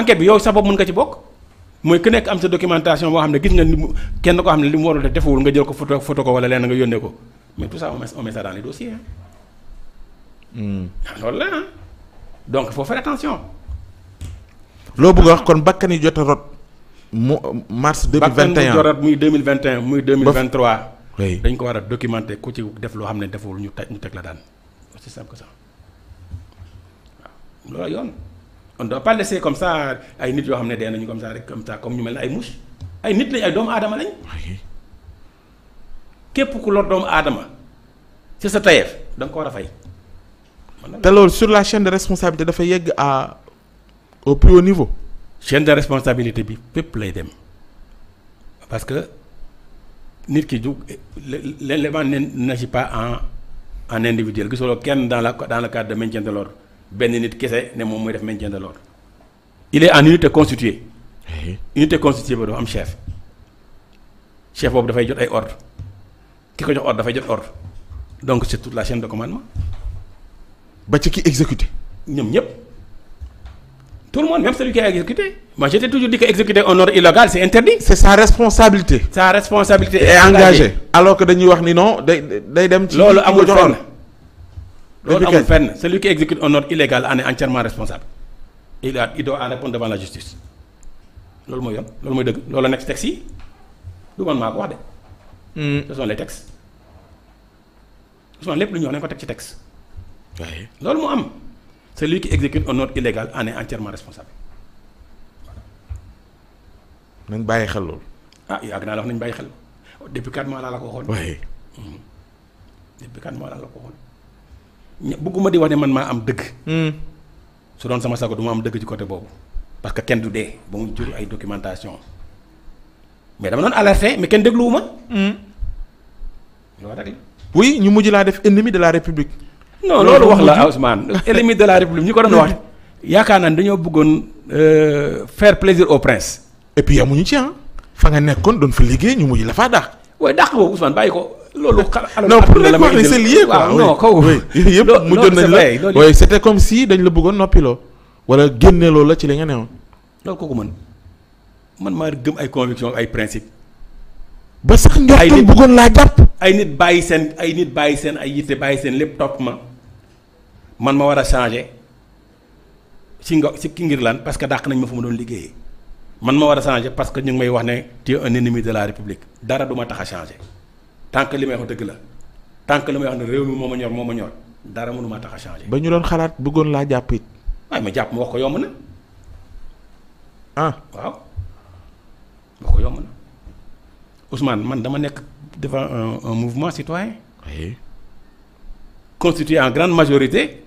enquête bi yow sax boobu mën nga ci bokk mooy ku nekk am sa documentation boo xam ne gis nga ni kenn koo xam ne li mu warul def defewul nga jël ko photo photo ko wala lenn nga yónnee ko mais tout ça on met on met ça dans les dossiers hmm. ah. loolu loo bëgg a wax kon bakkan yi jot a rot mu mars 2021 bakkan yi jot a rot muy 2021 muy 2023. oui dañ ko war a documenter ku ci def loo xam ne deful ñu teg ñu teg la daan aussi simple que ça loolu yoon. on doit pas comme ça ay nit yoo xam ne dee nañu comme ça rek comme ça comme ñu mel ne nit lañ ay doomu aadama ah, képp ku lor doomu aadama ci sa tayeef da nga ko te loolu sur la chaîne de responsabilité dafa yegg à au plus haut de responsabilité bi fépp lay dem parce que nit ki jug l'élément n'agit pas en en individuel gisuloo kenn daal a dans le cadre de maintien de l'ordre benn nit kese ne moom mooy def maintien de l'ordre il est en unité eh. ba dafa am chef chef boobu dafay jot ay ordre ki ko jox ordre dafay jot ordre donc c'est toute la de commandement ba ci ki ñoom ñëpp tout le monde même celui qui a exécuté moi j'étais toujours dit que exécuter un ordre illégal c'est interdit c'est sa responsabilité sa responsabilité est engagée que dañuy wax ni non day day dem ci loolu amul fenn loolu amul fenn celui qui exécute un ordre illégal en est entièrement responsable il a il doit on répondre devant la justice loolu mooy yoon loolu mooy dëgg loolu la nekk ci texte yi du man maa ko wax de. Hmm. ce sont les textes Ousmane lépp lu ñu wax ci texte. waaye loolu moo am celui qui exécute un ordre illégal en est entièrement responsable. nañ bàyyi xel loolu. ah yàgg naa la wax nañ bàyyi xel depuis 4 mois laa la ko waxoon. waaye. Hmm. depuis 4 bëgguma di wax ne man maa am dëgg. Hmm. su doon sama sago du ma am dëgg ci côté boobu parce que kenn du dee ba mu jur ay documentation mais dama doon alerté mais kenn dégluwuma. Hmm. loolu rek la. ñu mujj laa def ennemi de la république. non loolu wax la Ousmane ennemi de la république ñu ko doon wax. Hmm. yaakaar naa dañoo bëggoon euh, faire plaisir au prince. et puis amuñu ci ah fa nga nekkoon doon fa liggéey ñu mujj la faa dàq. waaye dàq boobu Ousmane bàyyi ko. loolu xanaa non pour nekk wax ne c'est lié quoi comme si dañ la bëggoon noppiloo wala génne la ci li nga newoon loolu kooku man man maa gëm ay conviction ay principe ba sax njortam bëggoon laa jàpp ay nit bàyyi seen ay nit bàyyi seen ay yitte bàyyi seen lépp topp ma man ma war a changer ci nga ci ki ngir lan parce que dàq nañ ma fu ma doon liggéeyee man ma war a changer parce que ñu ngi may wax ne tu es un ennemi de la république dara du ma tax changer tant que li may wax dëgg la tant que li may wax ne réew mi moo ma ñor moo ma ñor dara mënu tax a changé. ba ñu doon xalaat bëggoon laa jàpp it. waaye ma jàpp ma ko yomb na. ah waaw wax ko yomb na Ousmane man dama nekk devant un un mouvement citoyen. oui. en grande majorité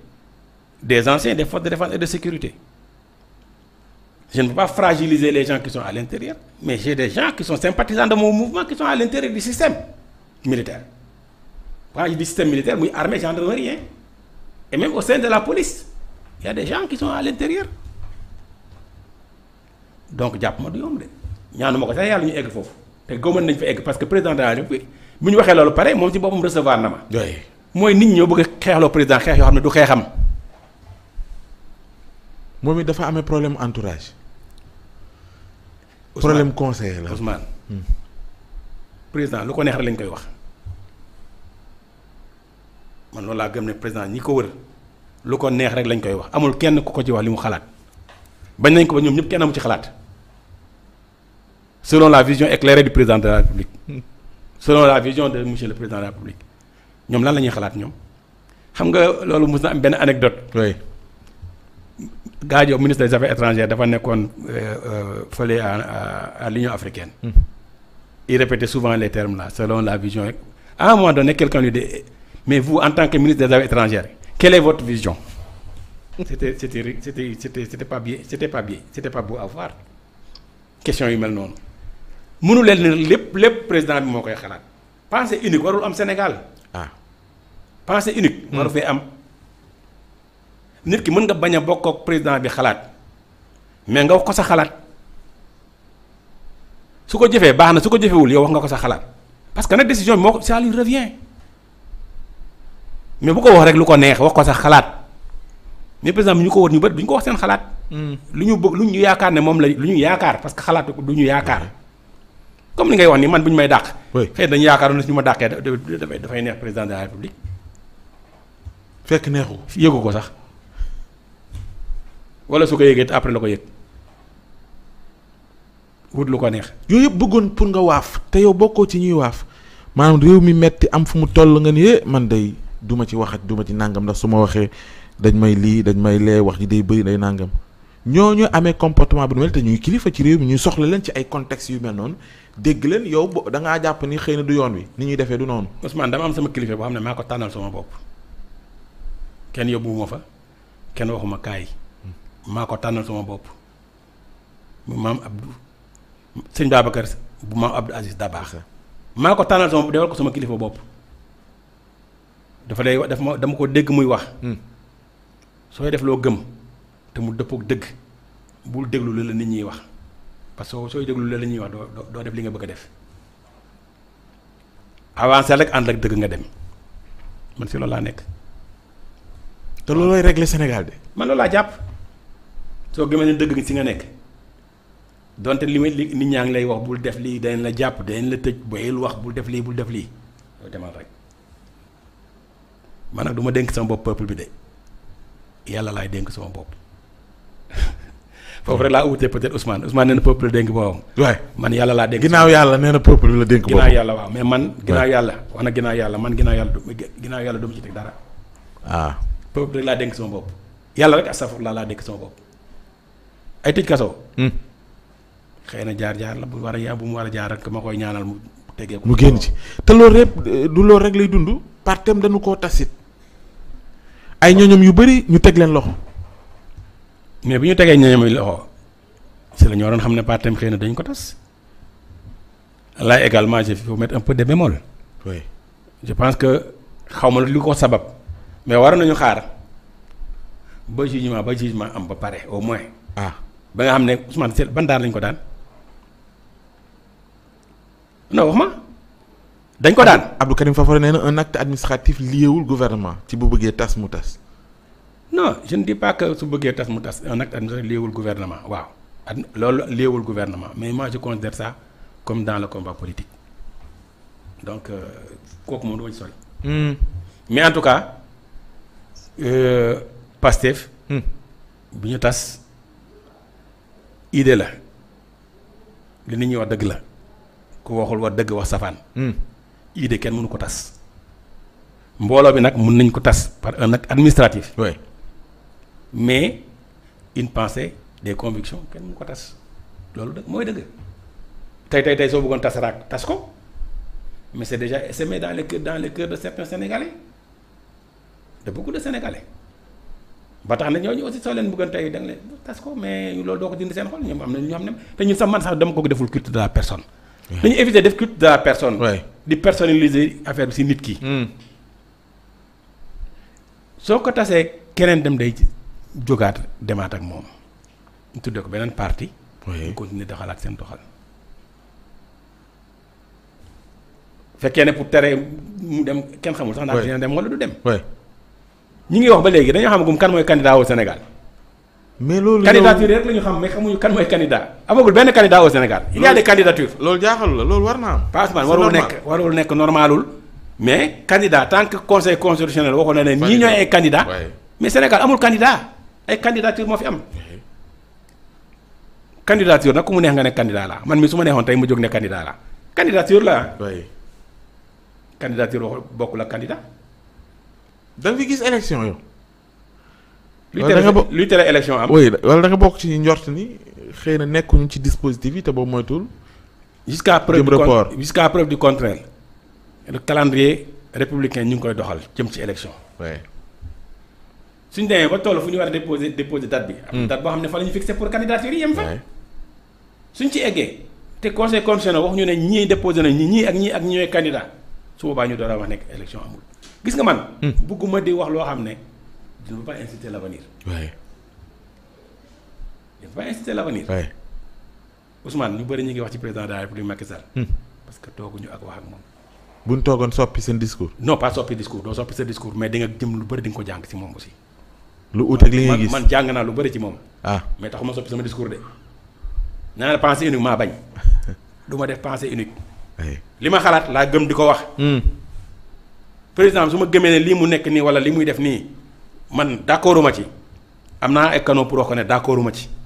des anciens des forces de défense et de sécurité. je ne peux pas fragiliser les gens qui sont à l'intérieur mais j'ai des gens qui sont sympathisants de mouvement qui sont à l'intérieur du système. militaire quand je dis système militaire muy armée gendarmerie hein et même au sein de la police il y qui sont à l'intérieur donc jàpp ma du yomb de ñaanu ma ko sax yàlla ñu egg foofu te gëmoon nañ fa egg parce que président de la République bu ñu waxee loolu pare moom ci boppam recevoir na ma. mooy nit ñi ñoo bëgg a xeexloo président xeex yoo xam ne du xeexam. moom it dafa amee problème entourage. Ousmane problème conseiller la hmm. président lu ko neex rek lañ koy wax. man loolu laa gëm ne président ñi ko wër lu ko neex rek lañ koy wax amul kenn ku ko ci wax li mu xalaat bañ nañ ko ba ñoom ñëpp kenn amu ci xalaat selon la vision éclairée du président de la république hmm. selon la vision de monsieur le président de la république ñoom lan la ñuy xalaat ñoom xam nga loolu mos na am benn anecdote oui Gadio ministre des affaires étrangères dafa nekkoon euh, euh, fële à à l'Union africaine. Hmm. il répétait souvent les termes là selon la vision à un moment mais vous en tant que ministre des Affaires étrangères quelle est vision c'était c'était c'était c'était c'était pas bien c'était pas bien c'était pas beau à voir question yu mel noonu mënu leen ne lépp lépp président bi moo koy xalaat pensée unique warul am Sénégal ah pensée unique hmm. waru fee am nit ki mën nga bañ a bokk ak président bi xalaat mais nga wax ko sa xalaat su ko jëfee baax na su ko jëfewul yow wax nga ko sa xalaat parce que nag décision bi moo ko ça revient mais bu ko wax rek lu ko neex wax ko sax xalaat mais par exemple ñu ko wër ñu bët du ko wax seen xalaat. Hmm. lu ñu bëgg lu ñu yaakaar ne moom la lu ñu yaakaar parce que xalaat du ñu yaakaar. Hmm. comme li ngay wax ni man bu ñu may dàq. oui xëy dañu yaakaaroon ne suñu ma dàqee dafay dafay neex président de la république. fekk neexu yëgu ko sax wala su ko yëgee après la ko yëg wut lu ko neex. yooyu yëpp bëggoon pour nga waaf te yow bokkoo ci ñuy waaf maanaam réew mi metti am fu mu toll nga ni eh, man day. du ma ci waxat du ma ci nangam ndax su ma waxee dañ may lii dañ may lee wax ji day bëri day nangam ñooñu amee comportement bu mel te ñuy kilifa ci réew ñu soxla leen ci ay contexte yu mel noonu dégg yow da ngaa jàpp ni xëy na du yoon wi ni ñuy defee du noonu. Ousmane dama am sama kilifa boo xam ne ko tànnal sama bopp fa kenn waxuma kaay maa ko tànnal bopp maam Abdou sëñ Babacar bu maam Abdou Aziz Dabaax maa ko tànnal sama bopp defal ko sama kilifa bopp. dafa lay wax daf ma dama ko dégg muy wax. Hmm. sooy def loo gëm te mu dëppook dëgg bul déglu la nit ñiy wax parce que sooy déglu la la ñuy wax doo def li nga bëgg a def avancé rek ànd ak dëgg nga dem man si loolu laa nekk. te loolooy régler senegal de. man loolu laa jàpp soo gëmee ne dëgg si nga nekk donte li may li nit ñaa ngi lay wax bul def lii dañ la jàpp dañ la tëj lu wax bul def lii bul def lii demal rek. man nag du ma dénk sama bopp peuple bi de yàlla laay dénk sama bopp foofu rek laa wutee peut-être Ousmane Ousmane nee na peuple la dénk boppam. waay man yàlla laa dénk. ginnaaw yàlla nee na peuple bi la dénk boppam. ginnaaw yàlla waaw mais man. ginnaaw yàlla wax na ginnaaw yàlla man ginnaaw yàlla du ginnaaw yàlla du ma ci teg dara. ah peuple rek laa dénk sama bopp yàlla rek astafurlah laa dénk sama bopp ay tëj kaso. Hmm. xëy na jaar-jaar la bu war a yaa bu mu war a jaar rek ma koy ñaanal mu. tegee ko mu ay ñoñom yu bëri ñu teg leen loxo. mais bu ñu tegee ñoñom yi loxo si la ñu waroon xam ne partem xëy na dañ ko tas. là également je faut mettre un peu de bémol. je pense que xaw ma lu ko sabab. mais waroon nañu xaar ba jugement ba jugement am ba pare au moins. ah ba nga xam ne Ousmane Sène ban daan lañ ko daan non wax ma. dañ ko daan Abdou Karim Fofana nee na un acte administratif liéwul gouvernement ci bu bëggee tas mu tas. non je ne dis su bëggee tas mu tas un acte administratif liéwul gouvernement waaw at loolu liéwul gouvernement mais ma je considère ça comme dans le combat politique donc euh, kooku moom du ma ci hmm. mais en tout cas euh, Pastef. Hmm. ñu tas idée la li nit ñi wax dëgg la ku waxul wax dëgg wax safaan. Hmm. idée kenn mënu ko tas mbooloo bi nag mun nañ ko tas par un acte administratif. mais in pensée des convictions kenn mënu ko tas loolu dëgg mooy dëgg tey tey tey soo bëggoon tas raak tas ko mais c'est déjà semé dans les cœurs dans les cœurs de certains sénégalais de ba tax na aussi soo leen bëggoon tey da nga leen tas ko mais loolu doo ko dindi seen xol ñoom am na ñoo xam ne te ñun sax man sax dama ko deful culte de la personne. dañu éviter def culte de di personnaliser affaire bi si nit ki. Hmm. soo ko tasee keneen dem day jógaat demaat ak moom ñu tuddee ko beneen parti. ñu continuer doxal ak seen doxal. fekkee ne pour tere mu dem kenn xamul sax. ndax dina dem wala du dem. ñu ngi wax ba léegi dañoo xam gum kan mooy candidat au Sénégal. mais loolu candidature rek la xam mais xamuñu kan mooy candidat amagul benn candidat au Sénégal il y a des loolu jaaxal la loolu war naa am Passeport warul nekk warul nekk normalul mais candidat tant que conseil constitutionnel waxoon na ne ñii ñooy ay candidat mais Sénégal amul candidat ay candidature moo fi am candidature nag ku mu neex nga ne candidat la man mi su ma neexoon tey ma jóg ne candidat la candidature la candidature wax bokk la candidat da luy tere élection am. oui wala da nga bokk ci njort ni xëy na nekkuñu ci dispositif yi te boobu moytul. jusqu'à preuve du report jusqu'à preuve du contraire le républicain ñu ngi koy doxal jëm ci élection. suñ demee ba toll fu ñu war a déposer déposer date bi. am hmm. date boo xam ne fa la ñu fixé pour candidature yi yem fa. suñ ci eggee te conseil constitutionnel wax ñu ne ñii déposé nañ ñii ak ñii ak ñi ñooy candidat su boobaa ñu door a wax nekk élection amul gis nga man. Hmm. bëgguma di wax loo xam ne. je ne veux pas inciter l'avenir. Ouais. je ne ñu bari ñu ngi wax ci président de la République Macky hmm. parce que tooguñu ak wax ak moom. bu ñu toogoon soppi seen discours. no pas soppi discours doo soppi sa discours mais di nga jëm lu bëri di nga ko jàng ci moom aussi. lu ut ak li nga gis man jàng naa lu bëri ci moom. ah mais taxuma soppi sama discours de. naa la pensée unique maa bañ. du ma def pensée unique. li ma xalaat laa gëm di ko wax. Hmm. président su ma gëmee ne lii mu nekk nii wala li muy def nii. man d' accord ma ci am naa ay pour wax ko ne d' accord ma ci